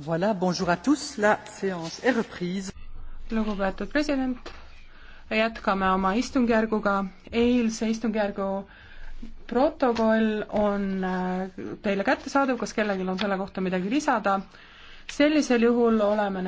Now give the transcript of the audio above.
Voilà, bonjour à tous, la séance est reprise. lugupeetud president, jätkame oma istungjärguga. eilse istungjärgu protokoll on äh, teile kättesaadav, kas kellelgi on selle kohta midagi lisada? sellisel juhul oleme